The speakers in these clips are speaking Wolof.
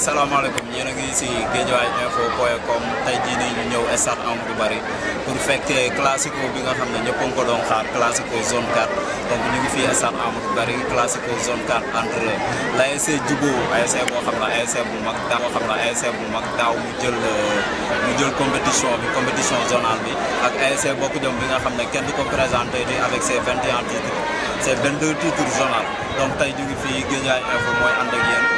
salaamaaleykum yéen a ngi si Guédiawaye info point com tey jii nii ñu ñëw stade Amadou Barry pour fekkee classico bi nga xam ne ñëpp ko doon xaar classico zone 4 donc ñu ngi fii stade Amadou bari classico zone 4 entre l'ASC Djigo ASC boo xam bu mag daaw xam ne ASC bu mag daaw mu jël mu jël compétition bi compétition zonale bi ak ASC Bokk Jom bi nga xam ne kenn du ko présenté di avec ses 21 titres ses 22 titres zonales donc tey ñu ngi fii Guédiawaye mooy ànd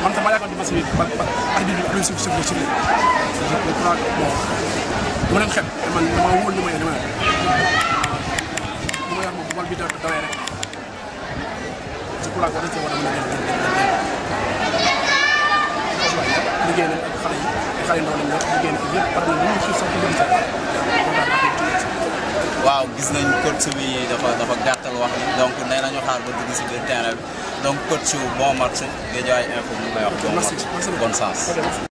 man damaa yàggoon di ma si ba ba arbitre bi suuf suuf suuf je crois que bon dama leen xeeb man damaa wóor li ma yore li ma yore li ma yor moom bal bi da dawee rek je crois que war nañ cee war a mën a jël liggéey nañ ak xale yi ay xale ndaw lañ ñëpp liggéey nañ yëpp par nañ ñu suuf sax ñu sax waaw gis nañ coach bi dafa dafa gàttal wax ni donc nee nañu xaar ba dugg si biir terrain bi donc coach su Bon Match Guédiawaye Infos mu ngi lay wax. bon